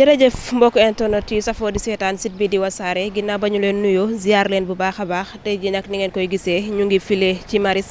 jërëjëf mbokk internet yi safoo di seetaan site bii di wasaare ginnaaw ba ñu leen nuyoo ziar leen bu baax a baax tey jii nag ni ngeen koy gisee ñu ngi file ci maris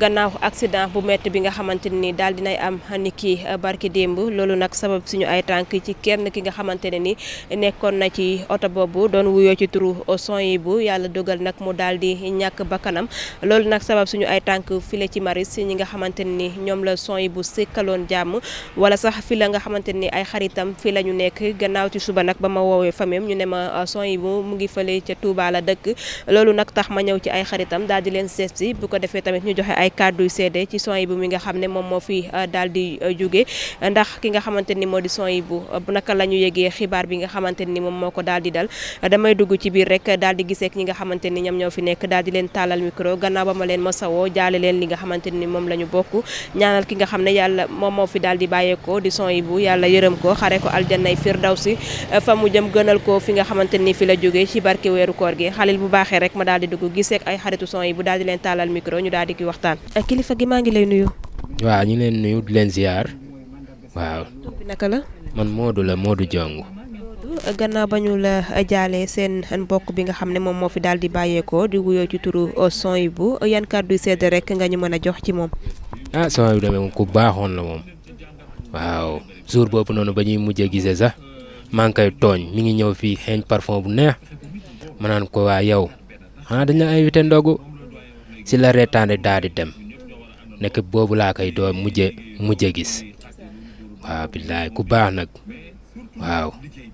gannaaw accident bu métti bi nga xamante ni daal dinay am ni kii barki démb loolu nag sabab suñu ay tànk ci kenn ki nga xamante ne ni nekkoon na ci oto boobu doon wuyoo ci turu son yi bu yàlla dogal nag mu daal di ñàkk bakkanam loolu nag sabab suñu ay tànk file ci maris ñi nga xamante ne ni ñoom la son yi bu sekkaloon jàmm wala sax fi la nga xamante ni ay xaritam fi la ñu nekk gannaaw ci suba nag ba ma woowee famille ñu ne ma ah, son yi bu mu ngi fële ca Touba la dëkk loolu nag tax ma ñëw ci ay xaritam daal di leen seet si bu ko defee tamit ñu joxe ay kàddu yu seede ci son yi bu mi nga xam ne moom moo fi ah, daal di ah, ndax ki nga xamante ni moo di son yi bu naka la ñu yëgee xibaar bi nga xamante ni moom moo ko daal di dal damay dugg ci biir rek daal di gisee ñi nga xamante ni ñoom ñoo fi nekk daal di leen tàllal micro gannaaw ba ma leen ma sawoo jaale leen li nga xamante ni moom la ñu bokk ñaanal ki nga xam ne yàlla moom moo fi daal di bàyyeekoo di son ndaw si eh, fa mu jëm gënal ko fi nga xamante ni fi la jógee ci barke weeru koor gi xalil bu baaxee rek ma daal di dugg gisee ak ay xaritu son bu daal di leen taalal micro ñu daal di ki waxtaan. Eh, kilifa gi maa ngi lay nuyu. waaw ñu leen nuyu di leen ziar waaw. tur bi naka la. man Modou la Modou Diong. Eh, gannaaw ba ñu la jaalee seen mbokk bi nga xam ne moom moo fi daal di bàyyeekoo di wuyoo ci turu son yi bu yan kàddu yu sedd rek nga ñu mën a jox ci moom. ah son yi bu demee ku baaxoon la moom waaw boobu noonu ba ñuy mujjee gisee sax. maa ngi koy tooñ mi ngi ñëw fii xeeñ parfum bu neex ma naan ko waa yow xanaa dañ la invité ndogu si la reetaande daal di dem nekk boobu laa koy doo mujje mujje gis waaw billaay ku baax nag waaw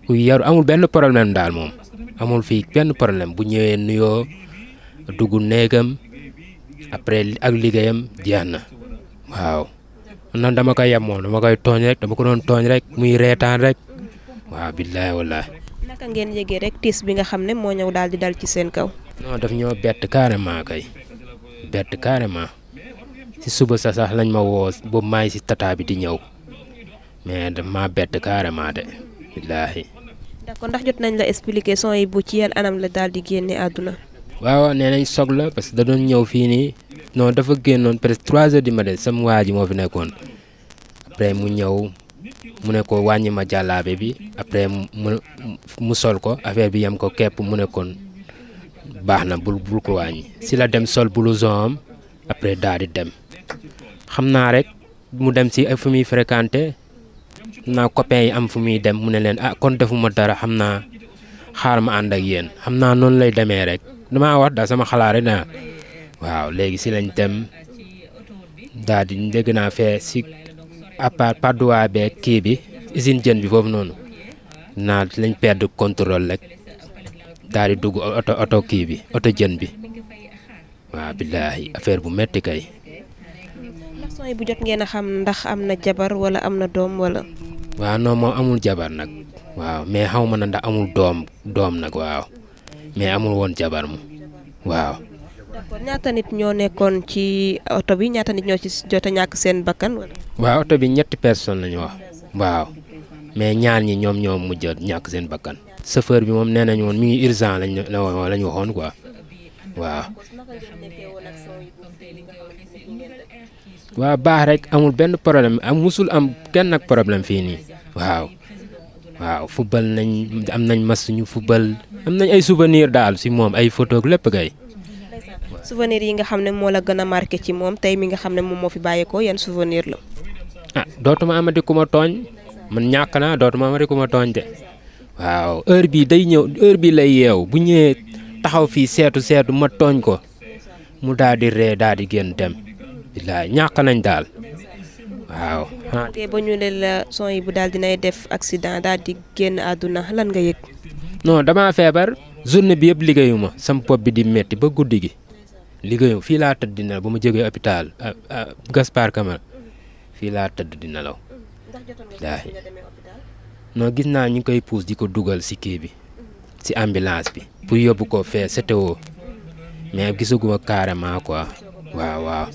ku yaru amul benn problème daal moom amul fii benn problème bu ñëwee nuyoo dugg néegam après ak liggéeyam jeex na waaw nan dama koy yem moom dama koy tooñ rek dama ko doon tooñ rek muy reetaan rek waaw billaay wallaay. naka ngeen yëgee rek tiis bi nga xam ne moo ñëw daal di dal ci seen kaw. non daf ñoo bett carrément kay bett carrément ci suba sa sax lañ ma woo boobu maay si tata bi di ñëw mais daf ma bett carrément de billaahi. d'accord ndax jot nañ la expliquer son yi bu ci yan anam la daal di génne àdduna. waaw nee nañ soog la parce que da doon ñëw fii nii non dafa génnoon presque trois heures du matin sama waa ji moo fi nekkoon après mu ñëw. mu ne ko wàññi ma jàllaabe bi après mu mu sol ko affaire bi yem ko képp mu ne kon baax na bul bul ko wàññi si la dem sol blouson am après daal di dem xam naa rek mu dem si fu muy fréquenté naa copains yi am fu muy dem mu ne leen ah kon defuma dara xam naa xaar ma ànd ak yéen xam naa noonu lay demee rek damaa wax daal sama xalaat rek naa waaw léegi si lañ dem daal di naa fee si. à part Padoa bee kii bi usine jën bi foofu noonu naa lañ perdre contrôle rek daal di dugg oto oto kii bi oto jën bi waaw billaahi affaire bu metti kay. bu jot ngeen a xam ndax am na jabar wala am na doom walla waaw non moom amul jabar nag waaw mais xaw ma na ndax amul doom doom nag waaw mais amul woon jabar mu waaw. kon ñaata nit ñoo nekkoon ci oto bi ñaata nit ñoo ci jot ñàkk seen bakkan wala. waaw oto bi ñetti personne la wax waaw mais ñaar ñi ñoom ñoo mujj a ñàkk seen bakkan. chauffeur bi moom nee nañu woon mi ngi urgent lañ la ñu waxoon quoi waaw. waaw baax rek amul benn problème am musul am kenn nag problème fii nii waaw. waaw football nañ am nañ mas ñu football am nañ ay souvenir daal si moom ay photo lépp kay. souvenir yi nga xam ne moo la gën a marqué ci moom tey mi nga xam ne moom moo fi bàyyeekoo yan souvenir la. ah dootuma amati ku ma tooñ man ñàkk naa dootuma amati ku ma tooñ de waaw heure bii day ñëw heure bi lay yeew bu ñëwee taxaw fii seetu seetu ma tooñ ko mu daal di ree daal di génn dem billaay ñàkk nañ daal waaw. Ah. te ba ñu ne la son bu daal dinay def accident daal di génn àdduna lan nga yëg. non damaa feebar journée bi yëpp liggéeyuma sama pop bi di metti ba guddi gi. liggéeyam fii laa tëdd di nelaw ba ma jógee hôpital euh, euh, Gaspard Kamal fii laa tëdd di nelaw noo gis naa ñu koy puus di ko dugal si kii bi si ambulance bi pour yóbbu ko fee CTO mais gisaguma carrément quoi waaw waaw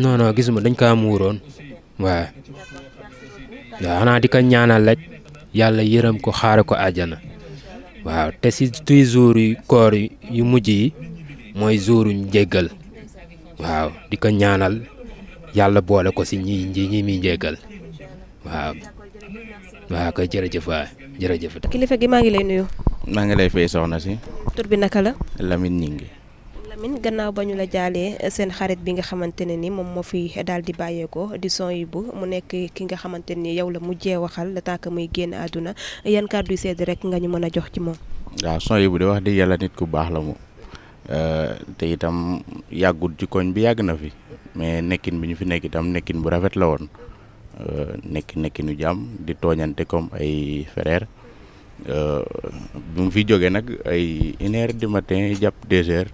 non non gisuma dañ kaa muuroon waaw waaw xanaa di ko ñaanal rek yàlla yërëm ko xaare ko àjjana waaw te si tuy jour yu koor yu mujj yi mooy jouru njéggal waaw di ko ñaanal yàlla boole ko si ñi ñi ñi muy njéggal waaw waaw koy jërëjëf waay jërëjëf. kilifa gi maa ngi lay nuyu. maa ngi lay fay soxna si. tur bi naka la. Lamine Ngingue. Lamine gannaaw ba ñu la jaalee eh, seen xarit bi nga xamante ne ni moom moo fi daal di bàyyeekoo di son yi bu mu nekk ki nga xamante ni yow la mu mujjee waxal la tàkk muy génn àdduna yan kàddu sedd rek nga ñu mën a jox ci moom. waaw son yi bu de wax dëgg yàlla nit ku baax la moom eh, te itam yàggut ci koñ bi yàgg na fi mais nekkin bi ñu fi nekk itam nekkin bu rafet la woon eh, nekk nekkinu jàmm di tooñante comme ay frère. bu mu fi jógee nag ay une heure matin jàpp deux heures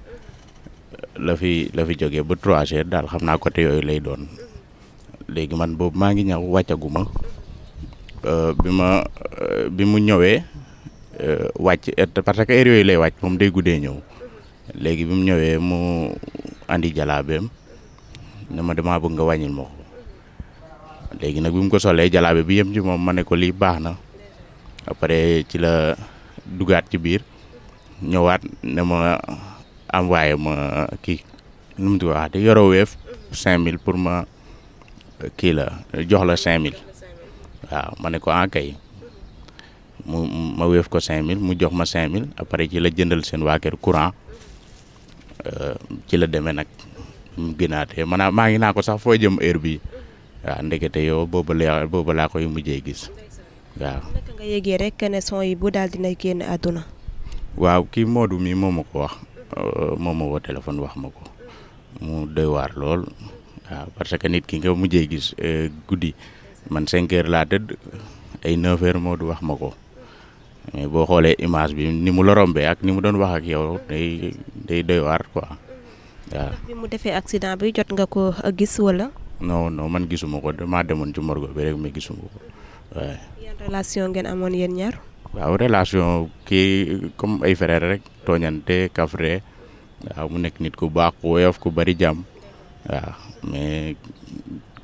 la fi la fi jógee ba 3G daal xam naa côté yooyu lay doon léegi man boobu maa ngi ñëw wàccaguma euh, bi ma euh, bi mu ñëwee euh, wàcc parce que heure yooyu lay wàcc moom day guddee ñëw léegi bi mu ñëwee mu indi jalaabeem ne ma damaa bëgg nga wàññil ma ko léegi nag bi mu ko solee jalaabe bi yem ci moom ma ne ko lii baax na après ci la dugaat ci biir ñëwaat ne ma. waaye ma kii nu mu di wax di yoroo mille pour ma kii la jox la cinq mille waaw ma ne ko en ah, kay ma weef ko cin mille mu jox ma cin mille après ci la jëndal seen waa kër courant euh, ci la deme nag mu gënaatee maa ngi naa ko sax foo jëm heure bi waaw ndekete yow booba laa booba laa koy mujjee gis waaw. yi bu daal dina génn àdduna. waaw kii Modou mi moo ma ko wax. Euh, moom moo woo téléphone wax ma ko mu doy waar lool waaw parce que nit ki nga mujjee gis euh, guddi man cinq laa tëdd ay neuf moo du wax ma ko mais boo xoolee image bi ni mu la rombee ak ni mu doon wax ak yow day day doy waar quoi bi mu defee accident bi jot nga ko gis walla non non man gisuma ko damaa demoon ci morgue bi rek mais gisuma ko waaye. yan relation ngeen amoon yéen ñaar. waaw relation kii comme ay frère rek tooñante kafre waaw mu nekk nit ku baax ku woyof ku bari jàmm waaw mais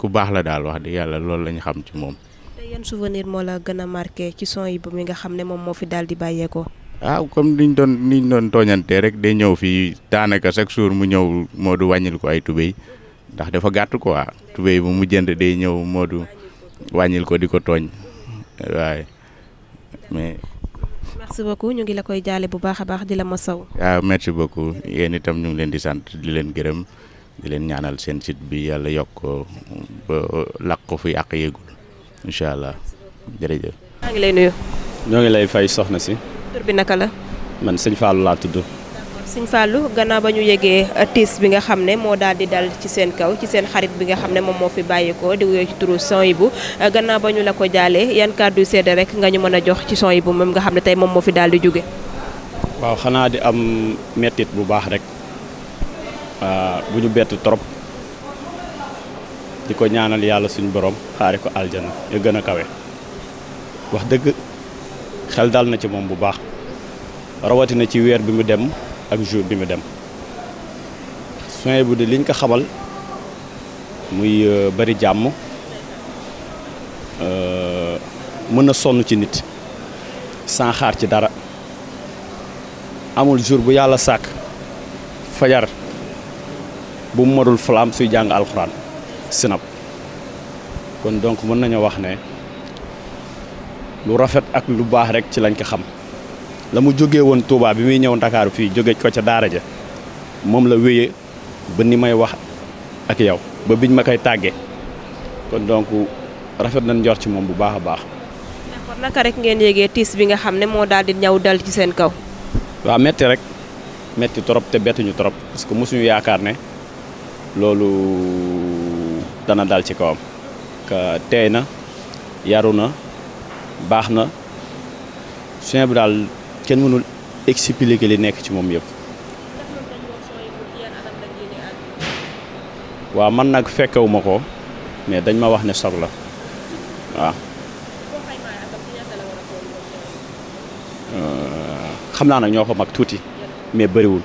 ku baax la daal wax dëgg yàlla loolu lañu xam ci moom. te yan souvenir moo la gën a ci son yi ba mi nga xam ne moom moo fi daal di bàyyeekoo. waaw comme niñ doon niñ doon tooñantee rek day ñëw fii daanaka chaque jour mu ñëw Modou wàññil ko ay tubéy ndax dafa gàtt quoi tubéy bu mu jënd day ñëw Modou wàññil ko di ko tooñ waaye. mais. merci beaucoup ñu ngi la koy jaale bu baax a baax di la masaw. waaw ah, merci beaucoup yéen itam ñu ngi leen di sant di leen gërëm di leen ñaanal seen site bi yàlla yokk ko ba làq ko fi àq yéegul incha allah jërëjëf. maa ngi lay ñoo lay fay soxna si. tur bi naka la. man sëñ Fallou laa tudd. Sëñ Fallou gannaaw ba ñu yegee euh, tiis bi nga xam ne moo daal di dal ci seen kaw ci seen xarit bi nga xam ne moom moo fi bàyyeekoo di wuyoo ci turu Sohibou euh, gannaaw ba ñu la ko jaalee yan kàddu seede rek nga ñu mën a jox ci Sohibou moom nga xam ne tey moom moo fi daal di jóge waaw xanaa di am mettit bu baax rek euh, bu ñu bett trop di ko ñaanal yàlla suñu borom xaare ko aljana ya gën a kawe wax dëgg xel dal na ci moom bu baax rawatina ci weer bi mu dem ak jour bi mu dem soin bu de liñ ko xamal muy euh, bari jàmm euh, mën na sonn ci nit sans xaar ci dara amul jour bu yàlla sàkk fajar bu mu marul flam suy jàng alxuraan sinab kon donc mën nañu wax ne lu rafet ak lu baax rek ci lañ ko xam la mu jóge woon Touba bi muy ñëw Ndakaaru fii jóge ko ca daara ja moom la wéyee ba ni may wax ak yow ba biñ ma koy tàggee kon donc rafet nañ njor ci moom bu baax a baax. d'accord naka rek ngeen yéegee tiis bi nga xam ne moo daal di ñaw dal ci seen kaw. waaw metti rek metti trop te bettuñu trop parce que mosuñu yaakaar ne loolu dana dal ci kawam. ka na yaru na baax na suñu daal. kenn mënul expliquer li nekk ci moom yëpp. waaw man nag fekkewuma ko mais dañ ma wax ne soog la waaw. Euh, xam naa nag ñoo ko mag tuuti mais bëriwul.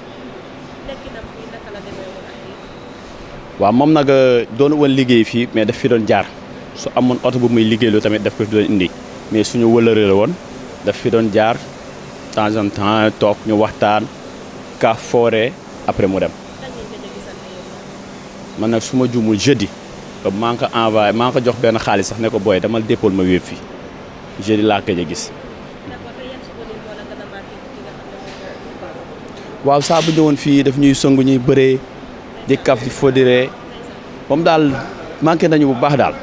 waaw moom nag euh, doon woon liggéey fii mais daf fi doon jaar su amoon oto bu muy liggéeyloo tamit daf ko fi doon indi mais suñu wëlëree la woon daf fi doon jaar. temps en temps toog ñu waxtaan ka foore après mu dem man nag su ma juumul jeudi boobu maa ngi ko envoyé maa jox benn xaalis sax ne ko booy dama dépool ma wéeb fii jeudi laa gëj a gis waaw saa bu fii daf ñuy song ñuy bëree di kaf di foddiree moom daal manqué nañu bu baax daal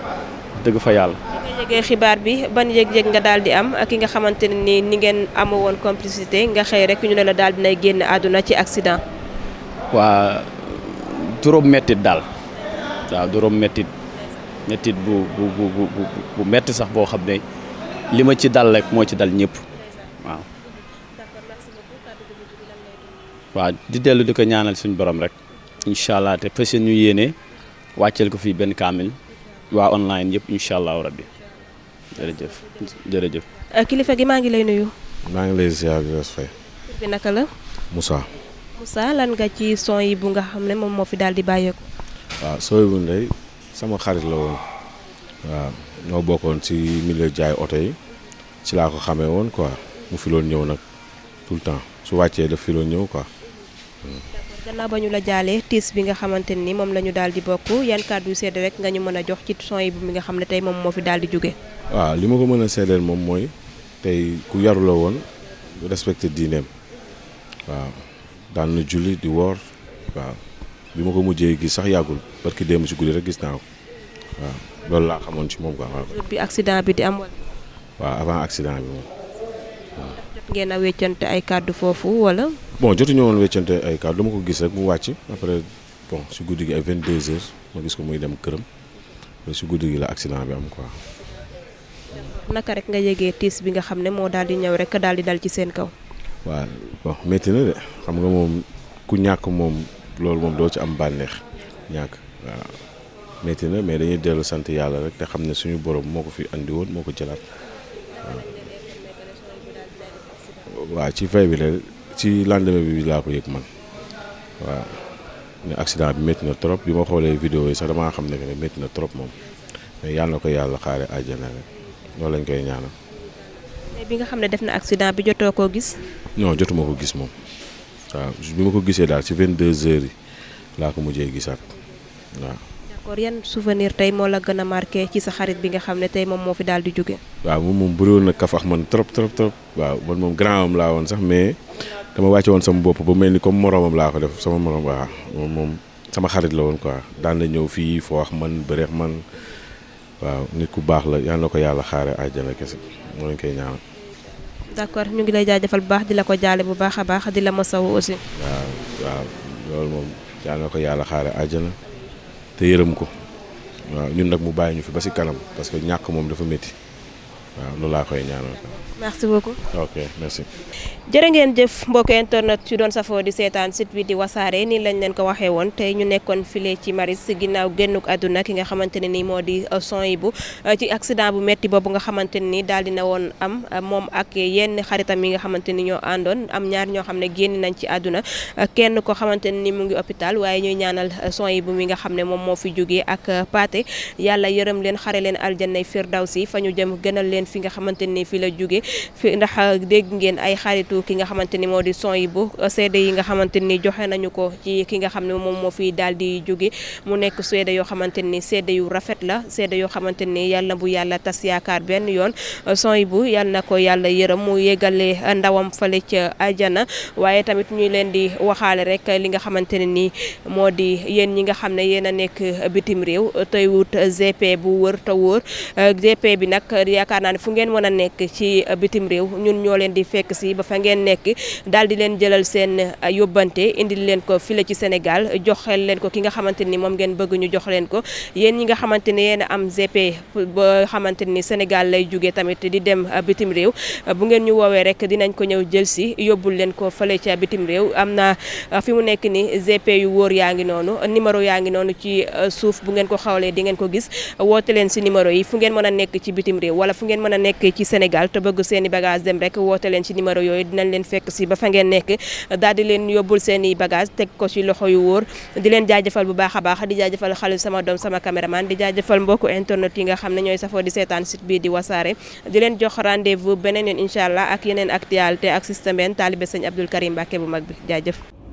dëgg fa yàlla yëgee xibaar bi ban yëg-yëg nga daal di am ak ki nga xamante ne ni ni ngeen amoo woon complicité nga xëy rek ñu ne la daal dinay génn àdduna ci accident. waa juróom mettit daal waaw doroom mettit mettit bu bu bu bu bu metti sax boo xam ne li ma ci dal rek moo ci dal ñëpp waaw. di dellu di ko ñaanal suñu borom rek incha allah te fas ñu yéene wàcceel ko fii benn kaamil waa online yëpp incha allahu rabbi jërëjëf jërëjëf. Euh, kilifa gi maa ngi lay nuyu. maa ngi lay ziar Grace Faye. tur bi naka la. Moussa. Moussa lan nga ci son yi bu nga xam ne moom moo fi daal di bàyyeeku. waaw sooy bu ndey sama xarit la woon waaw ñoo bokkoon ci milieu jaay oto yi ci laa ko xamee woon quoi mu fi loon ñëw nag tout le temps su wàccee daf fi loon ñëw quoi. Hmm. gannaaw ba ñu la jaalee tiis bi nga xamante ni moom la ñu daal di bokk yan kàddu yu sedd rek nga ñu mën a jox ci son bi nga xam ne tey moom moo fi waaw li ma ko mën a seedeel moom mooy tey ku yarula woon respecté diineem waaw daan na julli di woor waaw bi ma ko mujjee gis sax yàggul parce que démb ci guddi rek gis naa ko waaw loolu laa xamoon ci moom quoi. bi accident bi di am wala. waaw avant accident bi waaw. jot ngeen a weccante ay kàddu foofu wala. bon jotuñu woon weccante ay kàddu ma ko gis rek mu wàcc après bon si guddi gi ay 22 heures ma gis ko muy dem këram su guddi gi la accident bi am quoi. naka rek nga yëgee tiis bi nga xam ne moo daal di ñëw rek daal di dal ci seen kaw. waaw bon métti na de xam nga moom ku ñàkk moom loolu moom doo ci am bànneex ñàkk waaw métti na mais dañuy dellu sant yàlla rek te xam ne suñu borom moo ko fi andi woon moo ko jëlaat waaw ci fay bi la ci landeme bi laa ko yëg man waaw ne accident bi métti na trop bi ma xoolee vidéo yi sax damaa xam ne que ne métti na trop moom mais yàlla na ko yàlla xaare àjjana rek loolu lañ koy ñaanal. mais bi nga xam ne def na accident bi jotoo koo gis. non jotuma ko gis moom waaw bi ma ko gisee daal ci 22 heures yi laa ko mujjee gisaat waaw. accord yan souvenir tey moo la gën a marqué ci sa xarit bi nga xam ne tey moom moo fi daal di jóge waaw moom moom bëriwoon na kaf ak man trop trop trop waaw man moom grand am laa woon sax mais dama wàcce woon sama bopp ba mel ni comme moroomam laa ko def sama moroom waaw moom moom sama xarit la woon quoi daan na ñëw fii foo man bëreex man waaw nit ku baax la yal na ko yàlla xaare àjjana kese moo lañ koy ñaanal. d'accord ñu ngi lay jaajëfal bu baax di la ko jaale bu baax a baax di la masawu aussi. waaw waaw loolu moom yal ko yàlla xaare àjjana. te yërëm ko waaw ñun nag mu bàyyi ñu fi ba si kanam parce que ñàkk moom dafa métti waaw loolu laa koy ñaanal. merci beaucoup. ok jërë ngeen jëf mbokk internet ci doon safoo di seetaan site bi di wasaare nii lañ leen ko waxee woon tey ñu nekkoon file ci maris ginnaaw génnuk àdduna ki nga xamante ne nii moo di euh, son yi bu euh, ci accident bu metti boobu nga xamante ne nii daal dina woon am euh, moom ak yenn xaritam yi nga xamante ni ñoo àndoon am ñaar ñoo xam ne génn nañ ci àdduna kenn ko xamante ne ni mu ngi hôpital waaye ñuy ñaanal son yi bu mi nga xam ne moom moo fi jógee ak paate yàlla yërëm leen xare leen aljanna firdawsi fa ñu jëm gënal leen leen fi nga xamante ni fi la jóge fi ndax dégg ngeen ay xaritu ki nga xamante ni moo di son yi bu seede yi nga xamante ni joxe nañu ko ci ki nga xam ne moom moo fi daal di jóge mu nekk seede yoo xamante ni seede yu rafet la seede yoo xamante ni yàlla bu yàlla tas yaakaar benn yoon son yi bu yàlla na ko yàlla yërëm mu yegale ndawam fa ca ajana waaye tamit ñu leen di waxaale rek li nga xamante ne nii moo di yéen ñi nga xam ne yéen a nekk bitim réew tey wut GP bu wër te wóor GP bi nag yaakaar naa ne fu ngeen mën a nekk ci euh, bitim réew ñun ñoo leen di fekk si ba fa ngeen nekk daal di leen jëlal seen euh, yóbbante indil leen ko file ci Sénégal joxel leen ko ki nga xamante ni moom ngeen bëgg ñu jox leen ko yéen ñi nga xamante ni yéen am GP ba xamante ni Sénégal lay jóge tamit di dem euh, bitim réew bu ngeen ñu woowee rek dinañ ko ñëw jël si yóbbul leen ko fale ca bitim réew am na fi mu nekk ni GP yu wóor yaa ngi noonu numéro yaa ngi noonu ci suuf bu ngeen ko xawlee di ngeen ko gis woote leen si numéro yi fu ngeen mën a nekk ci bitim mën a nekk ci Sénégal te bëgg seeni bagage dem rek woote leen ci numéro yooyu dinañ leen fekk si ba fa ngeen nekk daal di leen yóbbul seeni bagage teg ko ci loxo yu wóor di leen jaajëfal bu baax a baax di jaajëfal xale sama doom sama caméraman di jaajëfal mbokk internet yi nga xam ne ñooy safoo di seetaan site bii di wasaare di leen jox rendez-vous beneen yoon incha allah ak yeneen actualité ak système benn taalibe sëñ Abdoul Karim Mbacke bu mag bi jaajëf